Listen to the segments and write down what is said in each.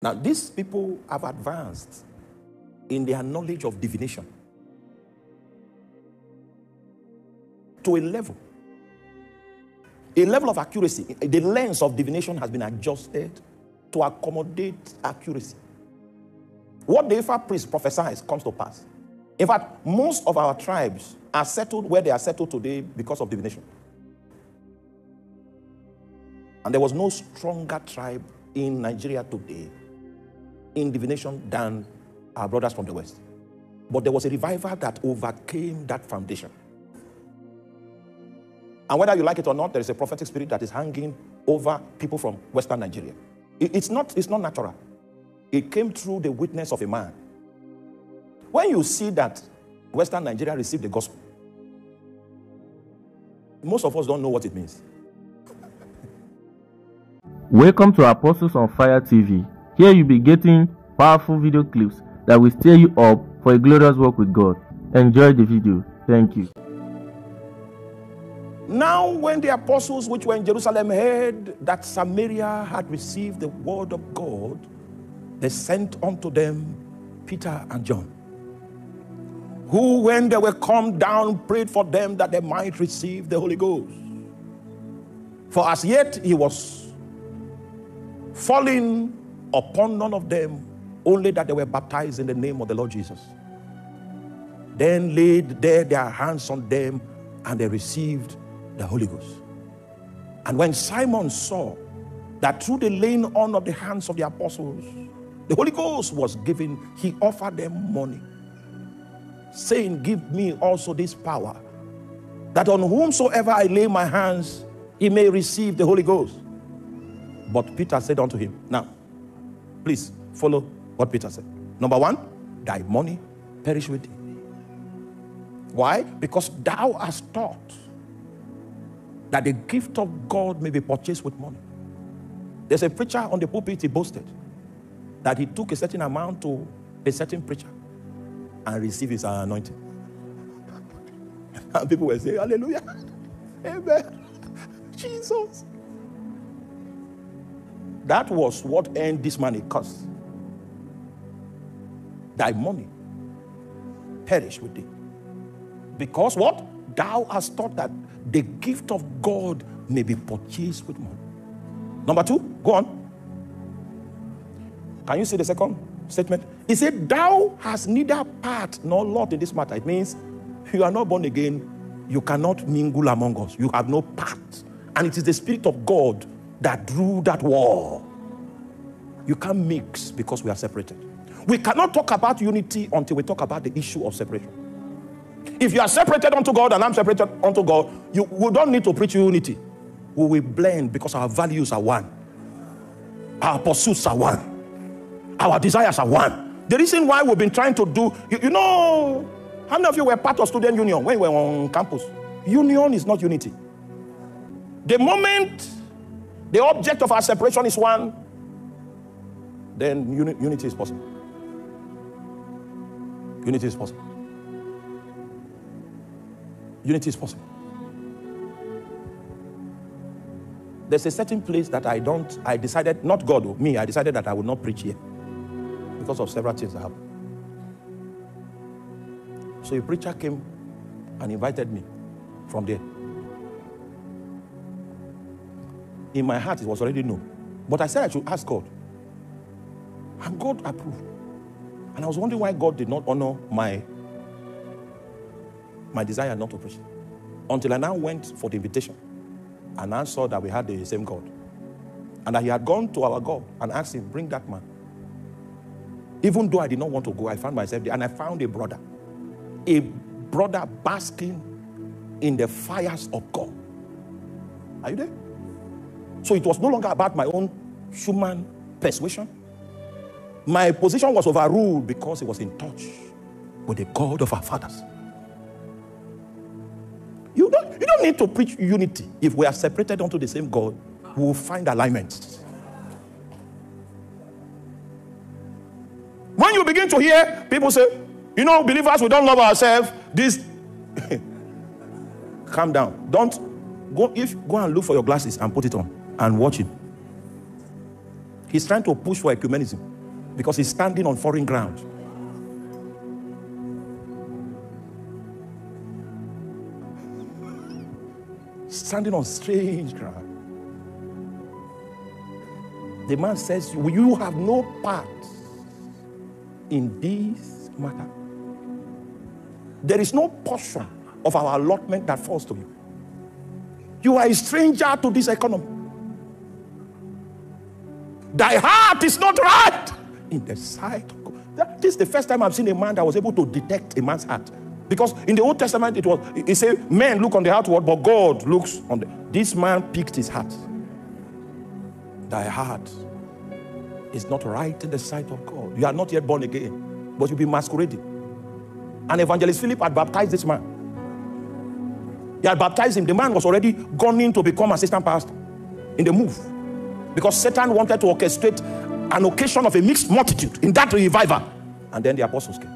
Now, these people have advanced in their knowledge of divination to a level, a level of accuracy. The lens of divination has been adjusted to accommodate accuracy. What the Ifa priest prophesies comes to pass. In fact, most of our tribes are settled where they are settled today because of divination. And there was no stronger tribe in Nigeria today in divination than our brothers from the West. But there was a revival that overcame that foundation. And whether you like it or not, there is a prophetic spirit that is hanging over people from Western Nigeria. It's not, it's not natural. It came through the witness of a man. When you see that Western Nigeria received the gospel, most of us don't know what it means. Welcome to Apostles on Fire TV. Here you'll be getting powerful video clips that will stir you up for a glorious walk with God. Enjoy the video. Thank you. Now, when the apostles which were in Jerusalem heard that Samaria had received the word of God, they sent unto them Peter and John, who, when they were come down, prayed for them that they might receive the Holy Ghost. For as yet he was falling upon none of them, only that they were baptized in the name of the Lord Jesus. Then laid there their hands on them and they received the Holy Ghost. And when Simon saw that through the laying on of the hands of the apostles, the Holy Ghost was given, he offered them money, saying, Give me also this power, that on whomsoever I lay my hands, he may receive the Holy Ghost. But Peter said unto him, Now, please follow what Peter said. Number one, thy money perish with thee. Why? Because thou hast taught that the gift of God may be purchased with money. There's a preacher on the pulpit, he boasted that he took a certain amount to a certain preacher and received his anointing. And people were saying, Hallelujah, Amen, Jesus. That was what earned this man a curse thy money perish with thee. Because what? Thou hast thought that the gift of God may be purchased with money. Number two, go on. Can you see the second statement? He said, Thou hast neither part nor lot in this matter. It means you are not born again, you cannot mingle among us. You have no part. And it is the Spirit of God that drew that wall. You can't mix because we are separated. We cannot talk about unity until we talk about the issue of separation. If you are separated unto God and I'm separated unto God, you, we don't need to preach unity. We will blend because our values are one, our pursuits are one, our desires are one. The reason why we've been trying to do, you, you know, how many of you were part of student union when you were on campus? Union is not unity. The moment the object of our separation is one, then uni unity is possible. Unity is possible. Unity is possible. There's a certain place that I don't, I decided, not God, oh, me, I decided that I would not preach here because of several things that happened. So a preacher came and invited me from there. In my heart, it was already no. But I said I should ask God. And God approved. And I was wondering why God did not honor my, my desire not to preach. Until I now went for the invitation and I saw that we had the same God. And that he had gone to our God and asked him, Bring that man. Even though I did not want to go, I found myself there and I found a brother. A brother basking in the fires of God. Are you there? So it was no longer about my own human persuasion. My position was overruled because it was in touch with the God of our fathers. You don't, you don't need to preach unity. If we are separated unto the same God, we will find alignment. When you begin to hear people say, you know, believers, we don't love ourselves, this. Calm down. Don't go if go and look for your glasses and put it on and watch him. He's trying to push for ecumenism because he's standing on foreign ground. Standing on strange ground. The man says, You have no part in this matter. There is no portion of our allotment that falls to you. You are a stranger to this economy. Thy heart is not right in the sight of God. This is the first time I've seen a man that was able to detect a man's heart. Because in the Old Testament, it was, he said, men look on the outward, but God looks on the. This man picked his heart. Thy heart is not right in the sight of God. You are not yet born again, but you'll be masquerading. And evangelist Philip had baptized this man. He had baptized him. The man was already gone in to become assistant pastor in the move because Satan wanted to orchestrate an occasion of a mixed multitude in that revival. And then the apostles came.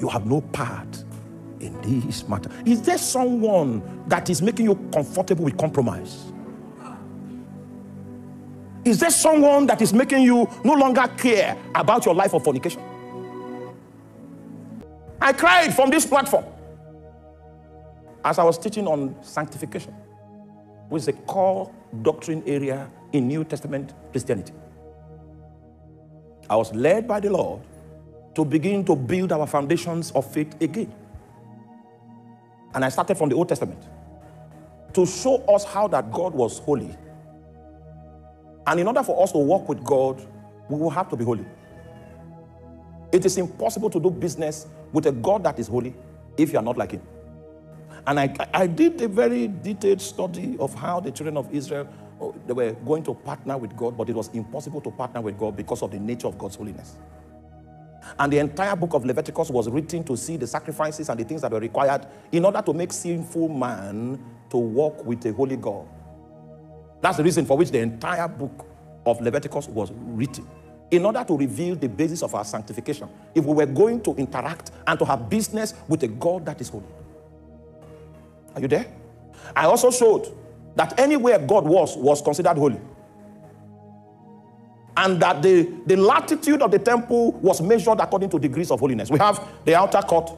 You have no part in this matter. Is there someone that is making you comfortable with compromise? Is there someone that is making you no longer care about your life of fornication? I cried from this platform as I was teaching on sanctification, which is a core doctrine area in New Testament Christianity. I was led by the Lord to begin to build our foundations of faith again. And I started from the Old Testament to show us how that God was holy. And in order for us to walk with God, we will have to be holy. It is impossible to do business with a God that is holy if you are not like Him. And I, I did a very detailed study of how the children of Israel Oh, they were going to partner with God, but it was impossible to partner with God because of the nature of God's holiness. And the entire book of Leviticus was written to see the sacrifices and the things that were required in order to make sinful man to walk with a holy God. That's the reason for which the entire book of Leviticus was written in order to reveal the basis of our sanctification. If we were going to interact and to have business with a God that is holy. Are you there? I also showed that anywhere God was was considered holy. And that the, the latitude of the temple was measured according to degrees of holiness. We have the outer court,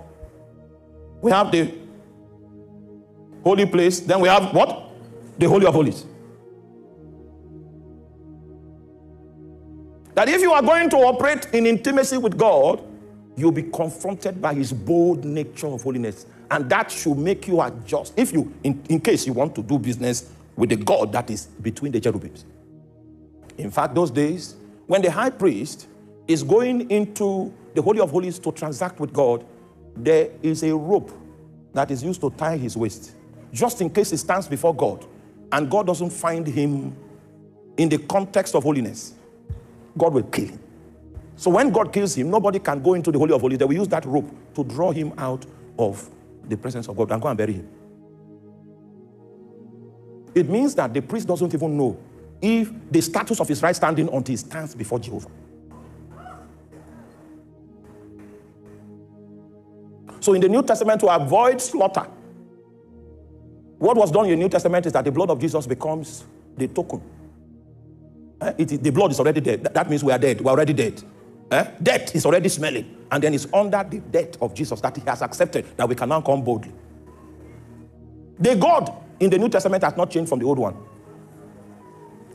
we have the holy place, then we have what? The Holy of Holies. That if you are going to operate in intimacy with God, you'll be confronted by His bold nature of holiness and that should make you adjust if you, in, in case you want to do business with the God that is between the cherubims. In fact, those days, when the high priest is going into the Holy of Holies to transact with God, there is a rope that is used to tie his waist, just in case he stands before God and God doesn't find him in the context of holiness. God will kill him. So when God kills him, nobody can go into the Holy of Holies. They will use that rope to draw him out of the presence of God and go and bury him. It means that the priest doesn't even know if the status of his right standing until he stands before Jehovah. So in the New Testament, to avoid slaughter, what was done in the New Testament is that the blood of Jesus becomes the token. Eh, the blood is already dead. That means we are dead. We're already dead. Eh? Death is already smelling. And then it's under the death of Jesus that he has accepted that we can now come boldly. The God in the New Testament has not changed from the old one.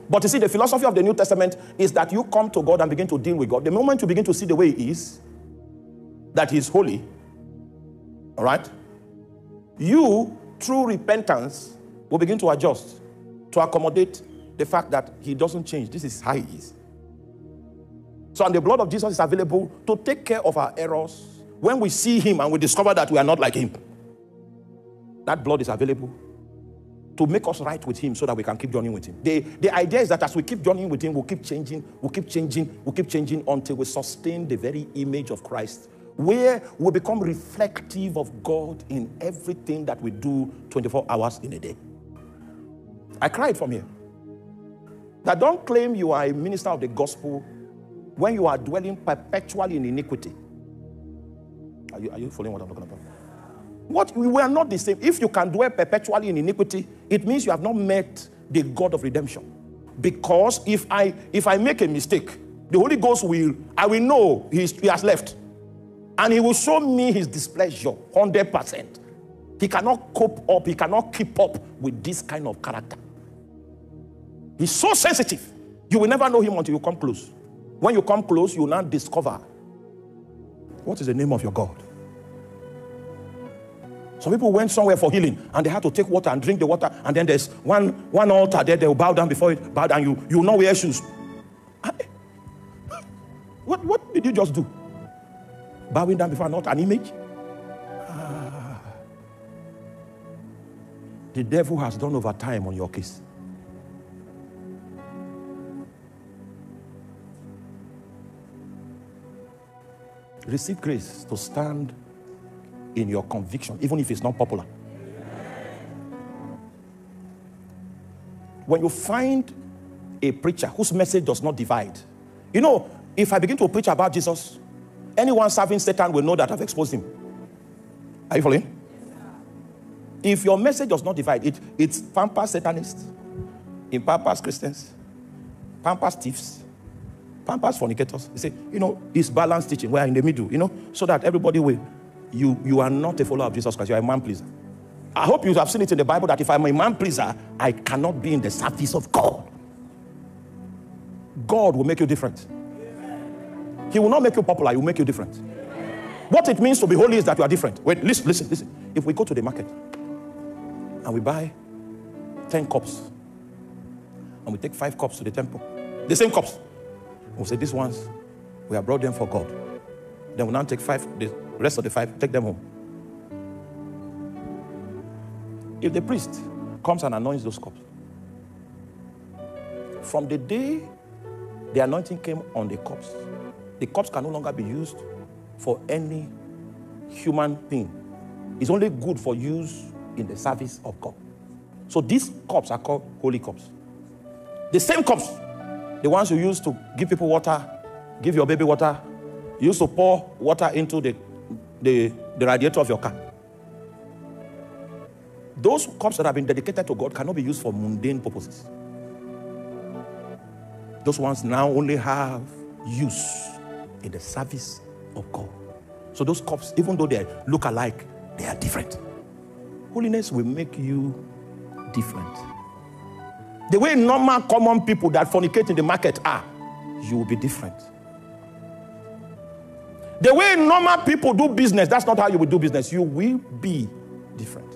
But you see, the philosophy of the New Testament is that you come to God and begin to deal with God. The moment you begin to see the way He is, that He is holy, all right, you, through repentance, will begin to adjust to accommodate the fact that He doesn't change. This is how He is. So, and the blood of Jesus is available to take care of our errors when we see Him and we discover that we are not like Him. That blood is available to make us right with Him so that we can keep joining with Him. The, the idea is that as we keep joining with Him, we'll keep changing, we'll keep changing, we'll keep changing until we sustain the very image of Christ, where we become reflective of God in everything that we do 24 hours in a day. I cried from here. That don't claim you are a minister of the gospel when you are dwelling perpetually in iniquity. Are you, are you following what I'm talking about? What we were not the same. If you can dwell perpetually in iniquity, it means you have not met the God of redemption. Because if I if I make a mistake, the Holy Ghost will I will know he has left, and he will show me his displeasure hundred percent. He cannot cope up. He cannot keep up with this kind of character. He's so sensitive. You will never know him until you come close. When you come close, you now discover what is the name of your God. Some people went somewhere for healing and they had to take water and drink the water, and then there's one, one altar there, they'll bow down before it, bow down, you, you know wear shoes. What, what did you just do? Bowing down before an altar, an image? Ah. The devil has done over time on your case. receive grace to stand in your conviction, even if it's not popular. When you find a preacher whose message does not divide, you know, if I begin to preach about Jesus, anyone serving Satan will know that I've exposed him. Are you following? If your message does not divide, it, it's pampas Satanists, it Christians, pampas thieves, pampers fornicators. They say, you know, this balanced teaching, we are in the middle, you know, so that everybody will. You, you are not a follower of Jesus Christ, you are a man pleaser. I hope you have seen it in the Bible that if I'm a man pleaser, I cannot be in the service of God. God will make you different. He will not make you popular, he will make you different. What it means to be holy is that you are different. Wait, listen, listen, listen. If we go to the market and we buy 10 cups and we take five cups to the temple, the same cups, We'll say, These ones, we have brought them for God. Then we'll now take five, the rest of the five, take them home. If the priest comes and anoints those cups, from the day the anointing came on the cups, the cups can no longer be used for any human thing. It's only good for use in the service of God. So these cups are called holy cups. The same cups the ones you used to give people water, give your baby water, you used to pour water into the, the, the radiator of your car. Those cups that have been dedicated to God cannot be used for mundane purposes. Those ones now only have use in the service of God. So those cups, even though they look alike, they are different. Holiness will make you different. The way normal, common people that fornicate in the market are, you will be different. The way normal people do business, that's not how you will do business. You will be different.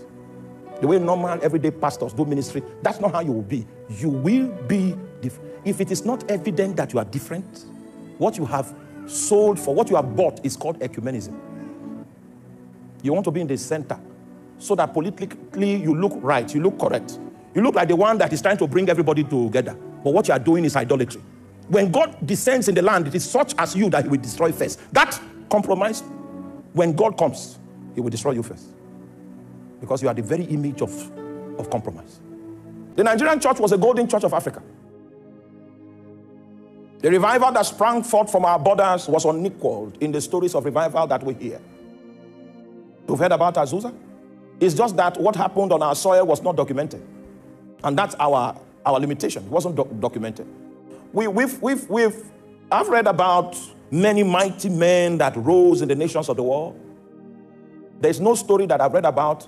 The way normal, everyday pastors do ministry, that's not how you will be. You will be different. If it is not evident that you are different, what you have sold for, what you have bought is called ecumenism. You want to be in the center so that politically you look right, you look correct. You look like the one that is trying to bring everybody together. But what you are doing is idolatry. When God descends in the land, it is such as you that he will destroy first. That compromise, when God comes, he will destroy you first. Because you are the very image of, of compromise. The Nigerian church was a golden church of Africa. The revival that sprang forth from our borders was unequaled in the stories of revival that we hear. You've heard about Azusa? It's just that what happened on our soil was not documented. And that's our, our limitation. It wasn't documented. We, we've, we've, we've, I've read about many mighty men that rose in the nations of the world. There's no story that I've read about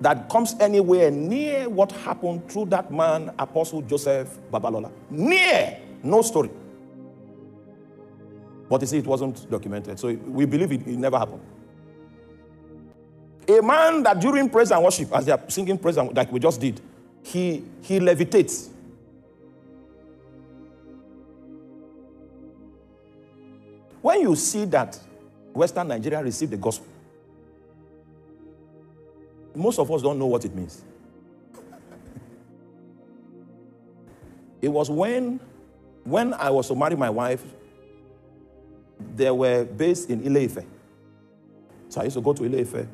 that comes anywhere near what happened through that man, Apostle Joseph Babalola. Near! No story. But you see, it wasn't documented. So we believe it, it never happened. A man that during praise and worship, as they are singing praise and like we just did, he, he levitates. When you see that Western Nigeria received the gospel, most of us don't know what it means. it was when, when I was to marry my wife, they were based in Ileife. So I used to go to Ileife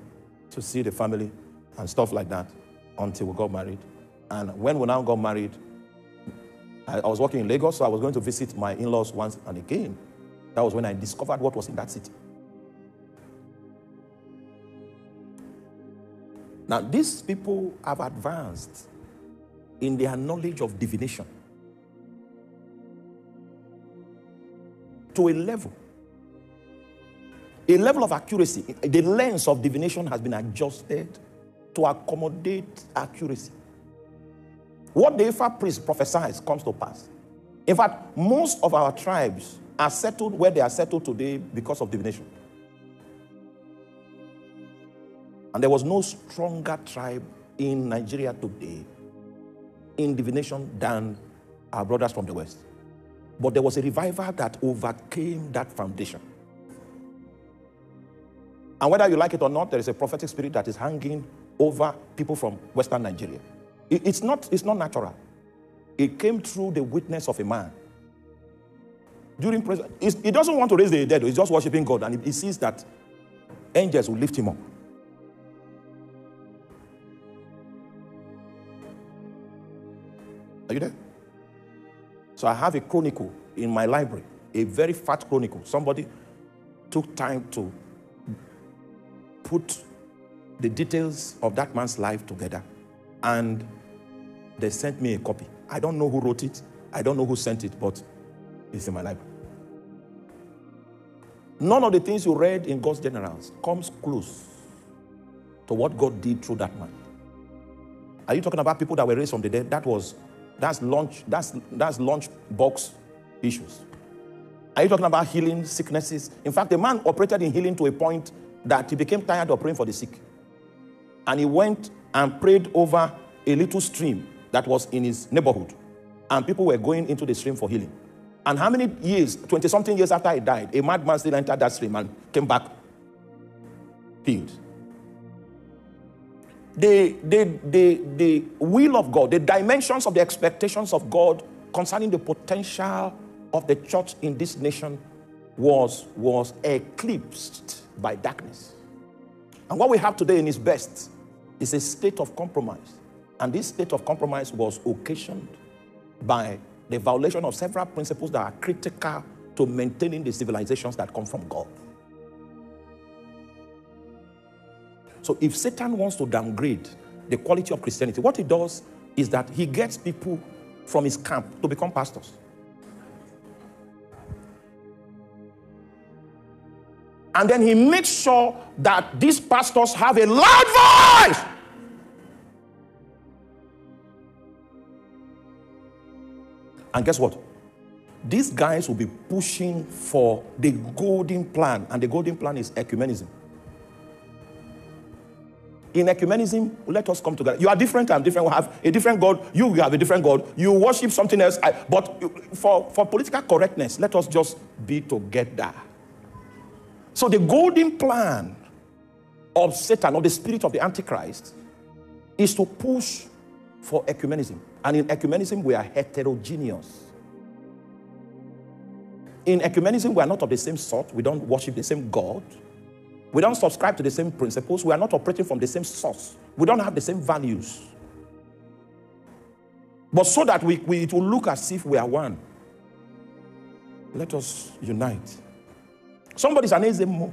to see the family and stuff like that until we got married. And when we now got married, I, I was working in Lagos, so I was going to visit my in laws once and again. That was when I discovered what was in that city. Now, these people have advanced in their knowledge of divination to a level, a level of accuracy. The lens of divination has been adjusted to accommodate accuracy. What the Ifa priest prophesies comes to pass. In fact, most of our tribes are settled where they are settled today because of divination. And there was no stronger tribe in Nigeria today in divination than our brothers from the West. But there was a revival that overcame that foundation. And whether you like it or not, there is a prophetic spirit that is hanging over people from Western Nigeria. It's not, it's not natural. It came through the witness of a man. During praise, he doesn't want to raise the dead. He's just worshiping God, and he sees that angels will lift him up. Are you there? So I have a chronicle in my library, a very fat chronicle. Somebody took time to put the details of that man's life together and they sent me a copy. I don't know who wrote it. I don't know who sent it, but it's in my library. None of the things you read in God's generals comes close to what God did through that man. Are you talking about people that were raised from the dead? That was that's launch that's that's launch box issues. Are you talking about healing sicknesses? In fact, the man operated in healing to a point that he became tired of praying for the sick. And he went and prayed over a little stream that was in his neighborhood. And people were going into the stream for healing. And how many years, 20 something years after he died, a madman still entered that stream and came back healed. The, the, the, the will of God, the dimensions of the expectations of God concerning the potential of the church in this nation was, was eclipsed by darkness. And what we have today in its best is a state of compromise. And this state of compromise was occasioned by the violation of several principles that are critical to maintaining the civilizations that come from God. So if Satan wants to downgrade the quality of Christianity, what he does is that he gets people from his camp to become pastors. And then he makes sure that these pastors have a loud voice And guess what? These guys will be pushing for the golden plan, and the golden plan is ecumenism. In ecumenism, let us come together. You are different, I'm different, we have a different God, you have a different God, you worship something else. I, but for, for political correctness, let us just be together. So the golden plan of Satan or the spirit of the Antichrist is to push for ecumenism. And in ecumenism, we are heterogeneous. In ecumenism, we are not of the same sort. We don't worship the same God. We don't subscribe to the same principles. We are not operating from the same source. We don't have the same values. But so that we, we, it will look as if we are one, let us unite. Somebody's an Ezemo.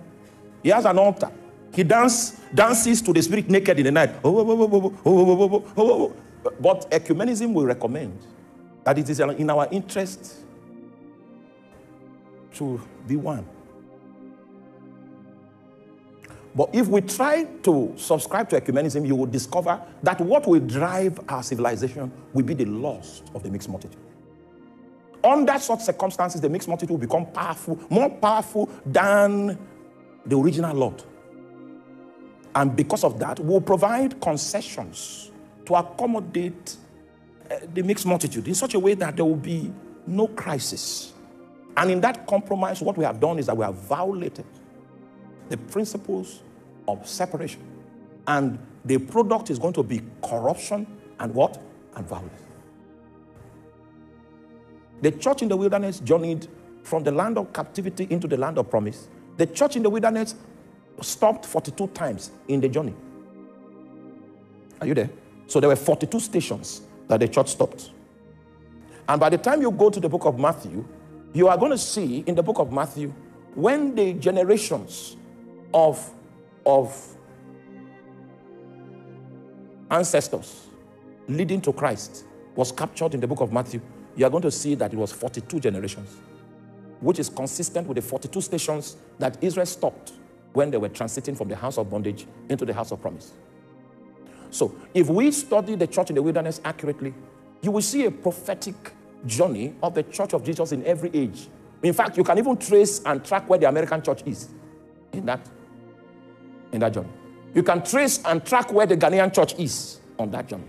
He has an altar. He dance, dances to the spirit naked in the night. Oh, oh, oh, oh, oh, oh, oh, oh, oh, but ecumenism will recommend that it is in our interest to be one. But if we try to subscribe to ecumenism, you will discover that what will drive our civilization will be the loss of the mixed multitude. Under such circumstances, the mixed multitude will become powerful, more powerful than the original lot, And because of that, will provide concessions to accommodate eh, the mixed multitude in such a way that there will be no crisis. And in that compromise, what we have done is that we have violated the principles of separation. And the product is going to be corruption and what? And violence. The church in the wilderness journeyed from the land of captivity into the land of promise. The church in the wilderness stopped 42 times in the journey. Are you there? So there were 42 stations that the church stopped. And by the time you go to the book of Matthew, you are going to see in the book of Matthew when the generations of, of ancestors leading to Christ was captured in the book of Matthew, you are going to see that it was 42 generations, which is consistent with the 42 stations that Israel stopped when they were transiting from the house of bondage into the house of promise. So, if we study the church in the wilderness accurately, you will see a prophetic journey of the church of Jesus in every age. In fact, you can even trace and track where the American church is in that, in that journey. You can trace and track where the Ghanaian church is on that journey.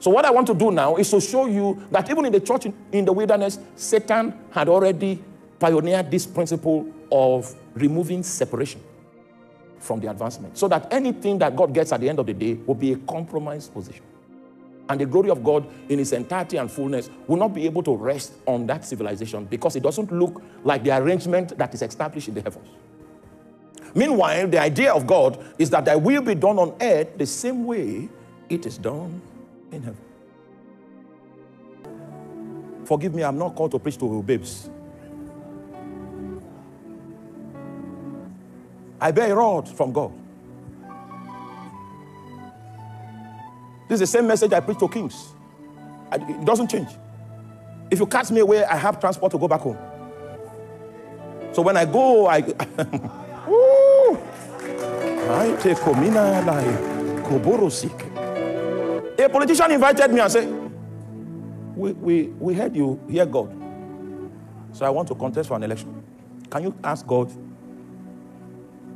So, what I want to do now is to show you that even in the church in, in the wilderness, Satan had already pioneered this principle of removing separation from the advancement. So that anything that God gets at the end of the day will be a compromised position. And the glory of God in its entirety and fullness will not be able to rest on that civilization because it doesn't look like the arrangement that is established in the heavens. Meanwhile, the idea of God is that thy will be done on earth the same way it is done in heaven. Forgive me, I'm not called to preach to babes. I bear a rod from God. This is the same message I preach to kings. It doesn't change. If you cast me away, I have transport to go back home. So when I go, I. Woo! A politician invited me and said, we, we, we heard you hear God. So I want to contest for an election. Can you ask God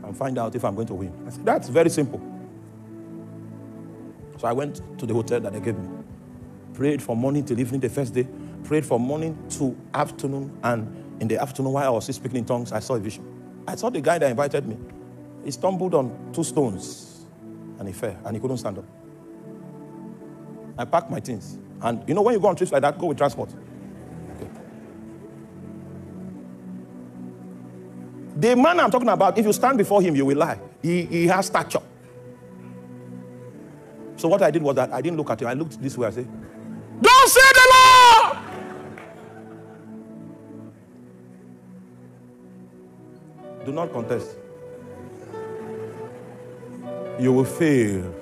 and find out if I'm going to win. I said, That's very simple. So I went to the hotel that they gave me, prayed from morning till evening the first day, prayed from morning to afternoon, and in the afternoon, while I was speaking in tongues, I saw a vision. I saw the guy that invited me. He stumbled on two stones and he fell and he couldn't stand up. I packed my things. And you know, when you go on trips like that, go with transport. The man I'm talking about, if you stand before him, you will lie. He, he has stature. So what I did was that I didn't look at him. I looked this way. I said, Don't say the Lord! Do not contest. You will fail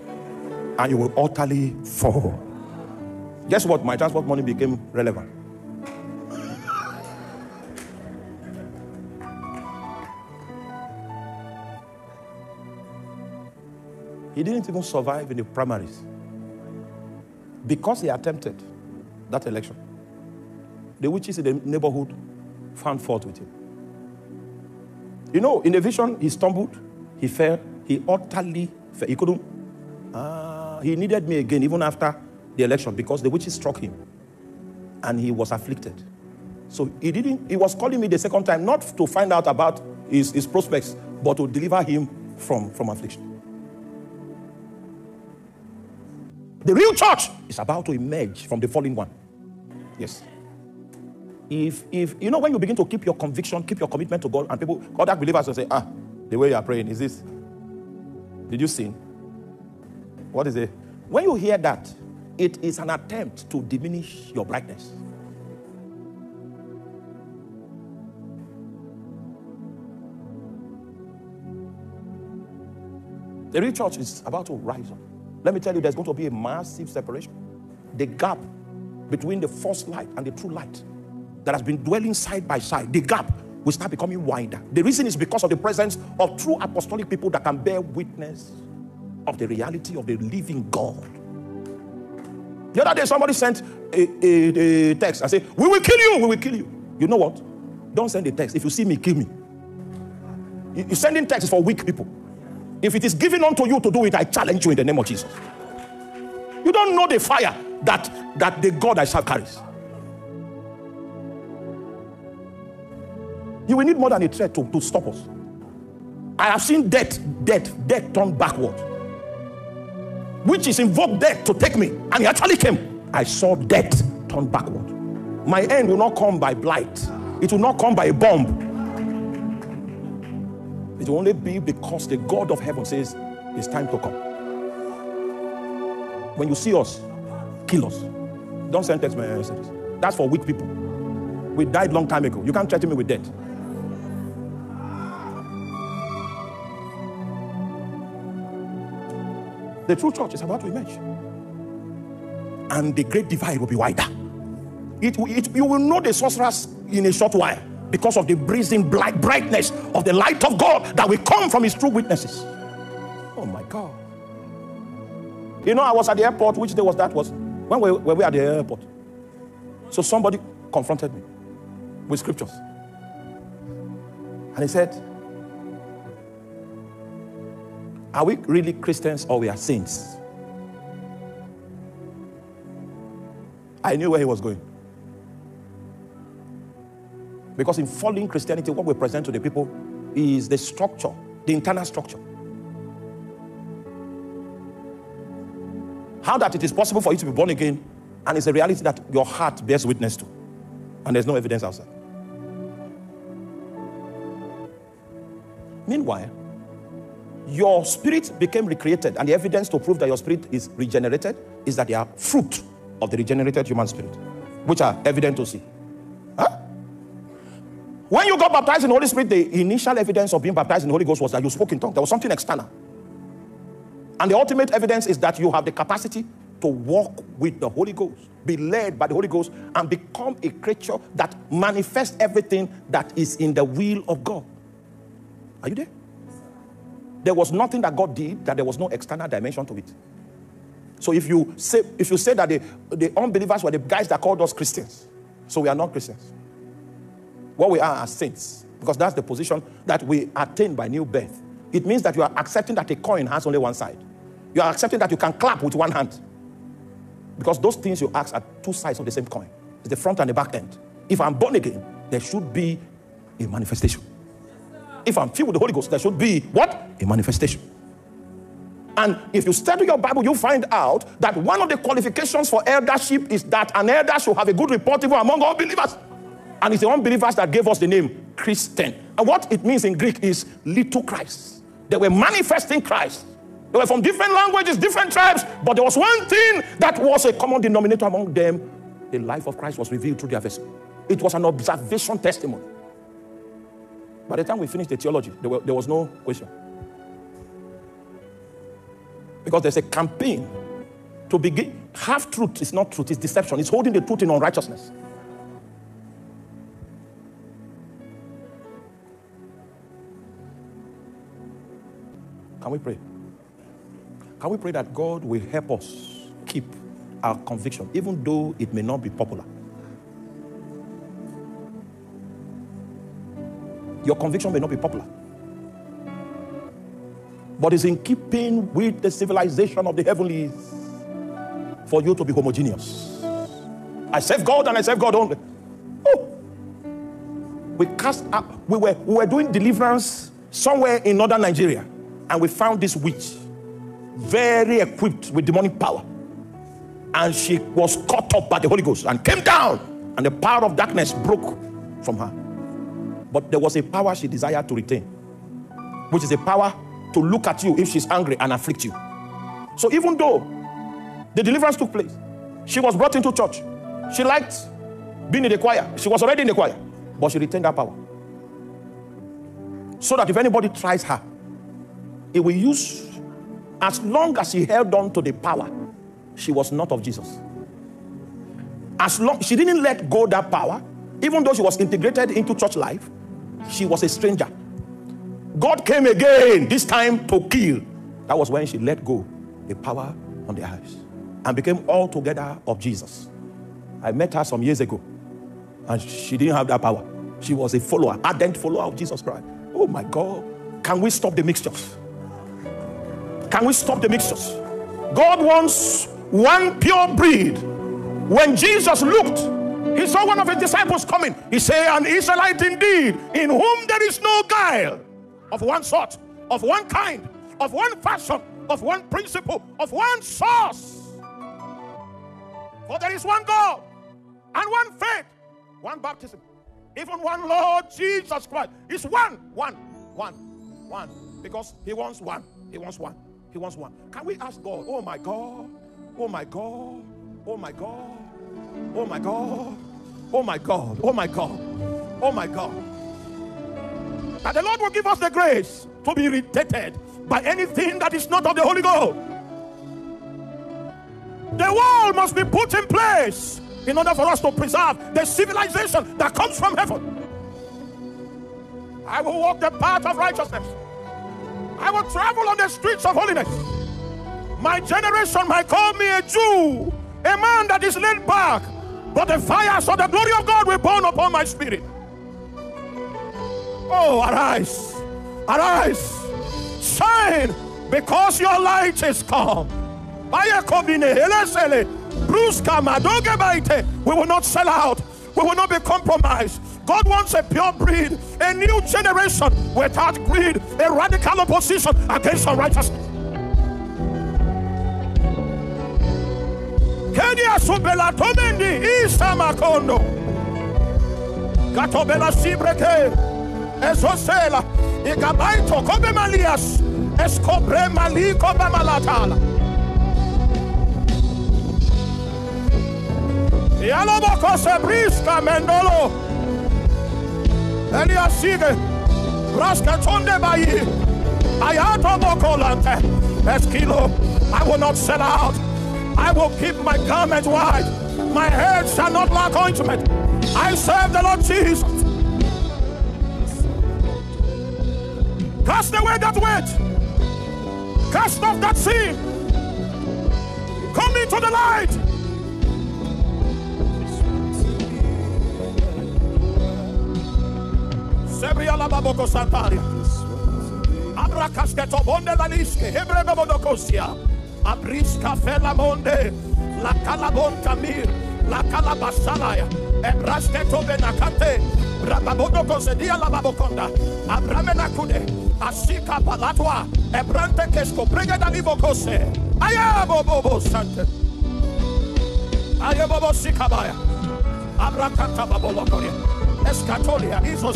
and you will utterly fall. Guess what? My transport money became relevant. He didn't even survive in the primaries because he attempted that election. The witches in the neighborhood found fault with him. You know, in the vision, he stumbled, he fell, he utterly fell. He couldn't. Ah, he needed me again, even after the election, because the witches struck him and he was afflicted. So he didn't, he was calling me the second time, not to find out about his, his prospects, but to deliver him from, from affliction. The real church is about to emerge from the fallen one. Yes. If, if you know, when you begin to keep your conviction, keep your commitment to God, and people, God, that believers will say, ah, the way you are praying, is this? Did you sin? What is it? When you hear that, it is an attempt to diminish your brightness. The real church is about to rise up. Let me tell you, there's going to be a massive separation. The gap between the false light and the true light that has been dwelling side by side, the gap will start becoming wider. The reason is because of the presence of true apostolic people that can bear witness of the reality of the living God. The other day, somebody sent a, a, a text and said, We will kill you, we will kill you. You know what? Don't send a text. If you see me, kill me. You, sending text is for weak people. If it is given unto you to do it, I challenge you in the name of Jesus. You don't know the fire that, that the God I shall carry. You will need more than a threat to, to stop us. I have seen death, death, death turn backward. Which is invoked death to take me. And he actually came. I saw death turn backward. My end will not come by blight. It will not come by a bomb. It will only be because the God of heaven says, It's time to come. When you see us, kill us. Don't send text messages. That's for weak people. We died long time ago. You can't threaten me with death. The true church is about to emerge. And the great divide will be wider. It, it, you will know the sorcerers in a short while because of the blazing bright brightness of the light of God that will come from his true witnesses. Oh my God. You know, I was at the airport. Which day was that? Was when were, were we at the airport? So somebody confronted me with scriptures. And he said, Are we really Christians or we are saints? I knew where he was going. Because in following Christianity, what we present to the people is the structure, the internal structure. How that it is possible for you to be born again, and it's a reality that your heart bears witness to, and there's no evidence outside. Meanwhile, your spirit became recreated, and the evidence to prove that your spirit is regenerated is that they are fruit of the regenerated human spirit, which are evident to see. When you got baptized in the Holy Spirit, the initial evidence of being baptized in the Holy Ghost was that you spoke in tongues. There was something external. And the ultimate evidence is that you have the capacity to walk with the Holy Ghost, be led by the Holy Ghost, and become a creature that manifests everything that is in the will of God. Are you there? There was nothing that God did that there was no external dimension to it. So if you say if you say that the, the unbelievers were the guys that called us Christians, so we are not Christians what we are as saints, because that's the position that we attain by new birth. It means that you are accepting that a coin has only one side. You are accepting that you can clap with one hand. Because those things you ask are two sides of the same coin. It's the front and the back end. If I'm born again, there should be a manifestation. If I'm filled with the Holy Ghost, there should be what? A manifestation. And if you study your Bible, you find out that one of the qualifications for eldership is that an elder should have a good report even among all believers. And it's the unbelievers that gave us the name Christian. And what it means in Greek is little Christ. They were manifesting Christ. They were from different languages, different tribes, but there was one thing that was a common denominator among them. The life of Christ was revealed through their vessel. It was an observation testimony. By the time we finished the theology, there, were, there was no question. Because there's a campaign to begin. Half truth is not truth, it's deception. It's holding the truth in unrighteousness. Can we pray? Can we pray that God will help us keep our conviction, even though it may not be popular? Your conviction may not be popular, but it's in keeping with the civilization of the heavenlies for you to be homogeneous. I serve God and I serve God only. Oh. We cast up, we were, we were doing deliverance somewhere in northern Nigeria. And we found this witch, very equipped with demonic power. And she was caught up by the Holy Ghost and came down, and the power of darkness broke from her. But there was a power she desired to retain, which is a power to look at you if she's angry and afflict you. So even though the deliverance took place, she was brought into church. She liked being in the choir. She was already in the choir, but she retained that power. So that if anybody tries her, he will use, as long as she held on to the power, she was not of Jesus. As long she didn't let go that power, even though she was integrated into church life, she was a stranger. God came again, this time to kill. That was when she let go the power on the eyes and became altogether of Jesus. I met her some years ago and she didn't have that power. She was a follower, ardent follower of Jesus Christ. Oh my God. Can we stop the mixtures? Can we stop the mixtures? God wants one pure breed. When Jesus looked, he saw one of his disciples coming. He said, An Israelite indeed, in whom there is no guile, of one sort, of one kind, of one fashion, of one principle, of one source. For there is one God and one faith, one baptism, even one Lord Jesus Christ. It's one, one, one, one. Because he wants one. He wants one. He wants one. Can we ask God, oh my God, oh my God, oh my God, oh my God, oh my God, oh my God, oh my God. That the Lord will give us the grace to be irritated by anything that is not of the Holy Ghost. The wall must be put in place in order for us to preserve the civilization that comes from heaven. I will walk the path of righteousness. I will travel on the streets of holiness. My generation might call me a Jew, a man that is laid back, but the fire, of the glory of God will burn upon my spirit. Oh, arise, arise, shine, because your light is come. We will not sell out. We will not be compromised. God wants a pure breed, a new generation without greed, a radical opposition against unrighteousness. Kenya subela tomendi sibreke esosela ikabaito kobe malias maliko bamalatala. mendolo. Eliasige, Raskatonde Bayi, Ayato Mokolante, Eskilo. I will not sell out. I will keep my garment white. My head shall not lack ointment. I serve the Lord Jesus. Cast away that weight. Cast off that sin. Come into the light. baboko santari. Abrakaste tobonde la liske, hebre babodokosia. Abriska fela monde, la calabon tamir, la calabasalaya. Ebraste tobe nakate, rababodoko la babokonda. Abramena kude, asika palatwa, ebrante kesko prega da livokose. Ayabo bobo sante. Ayabo sikabaya. Abrakata babolokoria. Escatolia, iso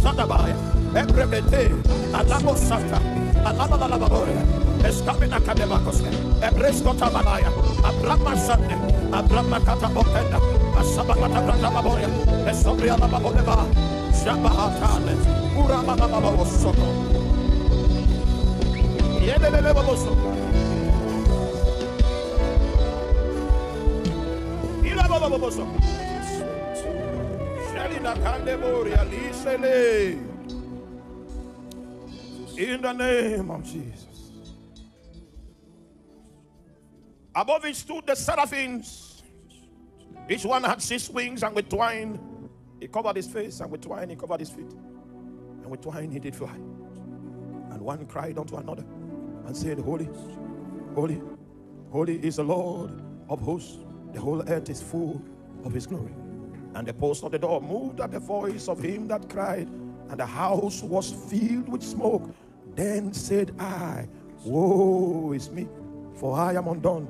Ebrebete, Alamo Santa, Alama Lalababoya, Escamina Cademacos, Ebresco malaya Abrama Sande, Abrama Catapopenda, Asabata Bratababoya, Esobria Lababoleva, Shabahatale, Urama Lababosoto, Yelebeboso. Ilababoso. Shelly Nakandeboria, Lisele. In the name of Jesus. Above it stood the seraphims. Each one had six wings, and with twine he covered his face, and with twine he covered his feet. And with twine he did fly. And one cried unto another and said, Holy, holy, holy is the Lord of hosts. The whole earth is full of his glory. And the post of the door moved at the voice of him that cried, and the house was filled with smoke. Then said I, Woe is me, for I am undone.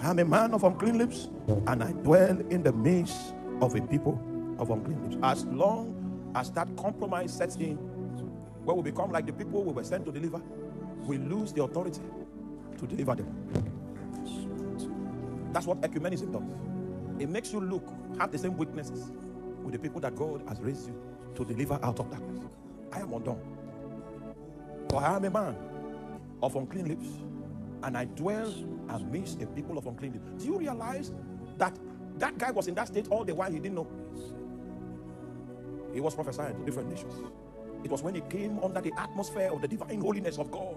I am a man of unclean lips, and I dwell in the midst of a people of unclean lips. As long as that compromise sets in, where we become like the people we were sent to deliver, we lose the authority to deliver them. That's what ecumenism does. It makes you look, have the same weaknesses with the people that God has raised you to deliver out of darkness. I am undone. For I am a man of unclean lips, and I dwell amidst a people of unclean lips. Do you realize that that guy was in that state all the while he didn't know? He was prophesying to different nations. It was when he came under the atmosphere of the divine holiness of God.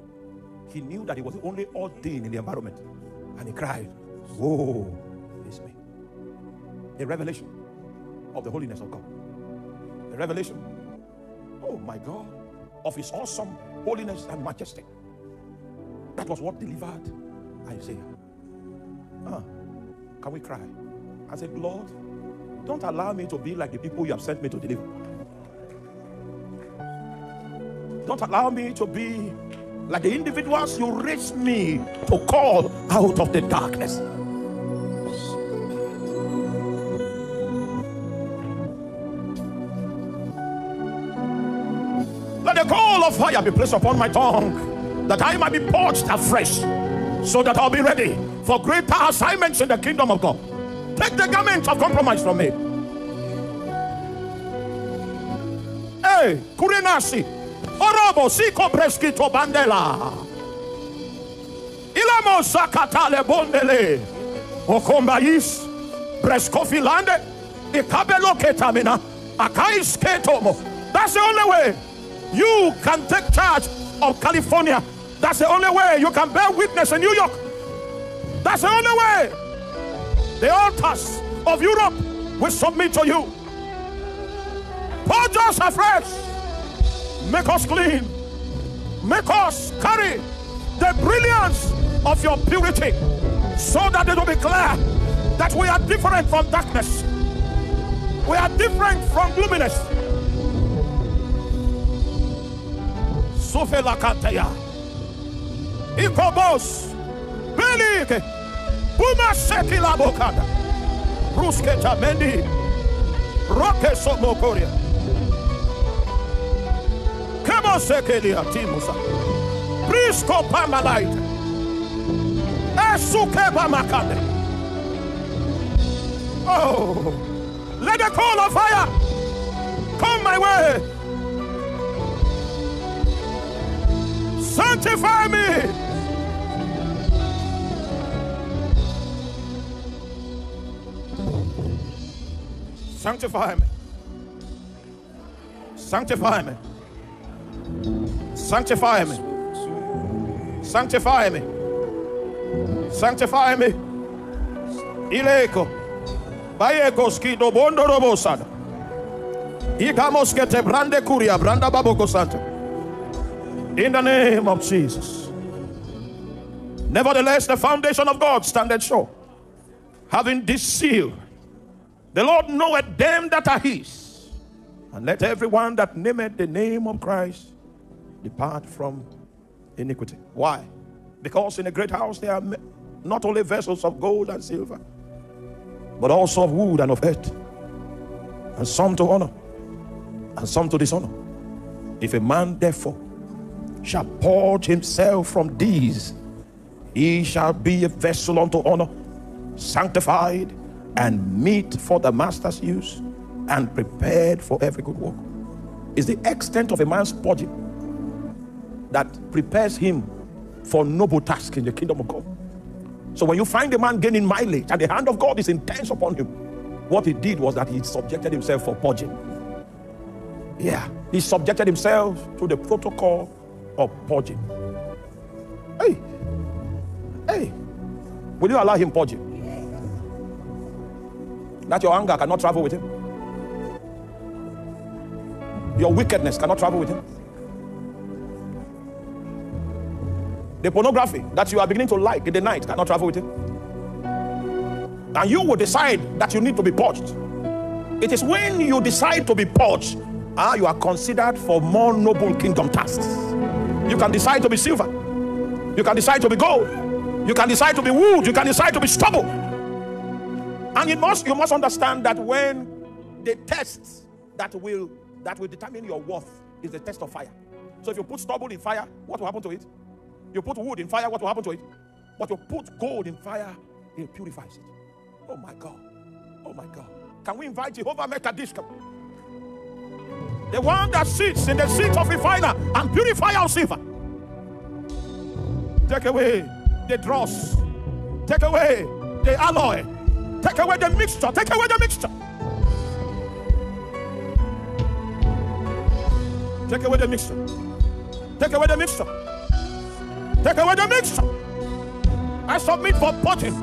He knew that he was the only odd thing in the environment. And he cried, Whoa, it's me. A revelation of the holiness of God. A revelation, oh my God, of his awesome holiness and majesty. That was what delivered Isaiah. Huh. Ah, can we cry? I said, Lord, don't allow me to be like the people you have sent me to deliver. Don't allow me to be like the individuals you raised me to call out of the darkness. fire be placed upon my tongue, that I might be purged afresh, so that I'll be ready for greater assignments in the kingdom of God. Take the garment of compromise from me. Hey, Kurinasi, Orobo, Siko to Bandela, Ilamo Sakatale Bondele, Okombayis, Breskofilande, Ikabelo Ketamina, Akais Ketomo. That's the only way. You can take charge of California. That's the only way you can bear witness in New York. That's the only way. The altars of Europe will submit to you. Purge us afresh. Make us clean. Make us carry the brilliance of your purity so that it will be clear that we are different from darkness. We are different from gloominess. Ikobos. Belike. Puma seki la Roke somokoria. Kemo timusa. pamalaita. Esuke Oh. Let the call of fire come my way. Sanctify me. Sanctify me. Sanctify me. Sanctify me. Sanctify me. Sanctify me. Ileko. bayeko, skido, bondo robosada. Igamos que brande curia, branda baboko santo. In the name of Jesus. Nevertheless, the foundation of God standeth sure, having this seal. The Lord knoweth them that are his, and let everyone that nameth the name of Christ depart from iniquity. Why? Because in a great house there are not only vessels of gold and silver, but also of wood and of earth, and some to honor, and some to dishonor. If a man therefore shall purge himself from these, he shall be a vessel unto honor, sanctified and meet for the master's use, and prepared for every good work. Is the extent of a man's purging that prepares him for noble task in the kingdom of God. So when you find a man gaining mileage and the hand of God is intense upon him, what he did was that he subjected himself for purging. Yeah, he subjected himself to the protocol or oh, purging. Hey, hey, will you allow him poaching? That your anger cannot travel with him. Your wickedness cannot travel with him. The pornography that you are beginning to like in the night cannot travel with him. And you will decide that you need to be purged. It is when you decide to be purged, ah, you are considered for more noble kingdom tasks. You can decide to be silver. You can decide to be gold. You can decide to be wood. You can decide to be stubble. And you must you must understand that when the test that will that will determine your worth is the test of fire. So if you put stubble in fire, what will happen to it? You put wood in fire, what will happen to it? But you put gold in fire, it purifies it. Oh my God. Oh my God. Can we invite Jehovah a this? The one that sits in the seat of refiner and purifier of silver. Take away the dross. Take away the alloy. Take away the mixture. Take away the mixture. Take away the mixture. Take away the mixture. Take away the mixture. I submit for potting,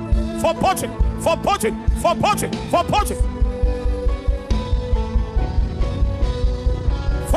for potting, for potting, for potting, for potting.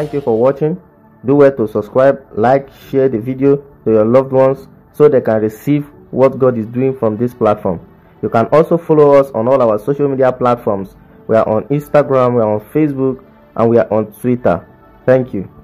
Thank you for watching. Do well to subscribe, like, share the video to your loved ones so they can receive what God is doing from this platform. You can also follow us on all our social media platforms. We are on Instagram, we are on Facebook, and we are on Twitter. Thank you.